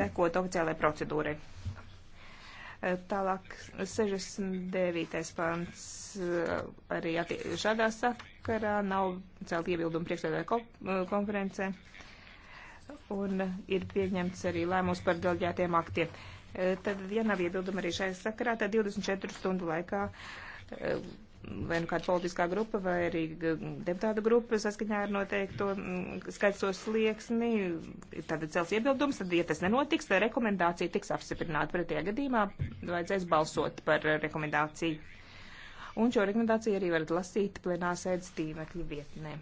sekot oficiālajai procedūrai. Eh, tālāk 69. pants eh, arī šādā sakarā nav celt iebildumu priekšsēdētāju eh, konferencē un ir pieņemts arī lēmums par delģētiem aktiem. Tad, ja nav iebildumi arī šajā sakarā, tad 24 stundu laikā vai nu kāda politiskā grupa vai arī deputāta grupa saskaņā ar noteikto skaitso slieksni, tad cels iebildums, tad, ja tas nenotiks, tad rekomendācija tiks apstiprināta. Pretējā gadījumā vajadzēs balsot par rekomendāciju. Un šo rekomendāciju arī varat lasīt plenā sēdes tīmekļa vietnē.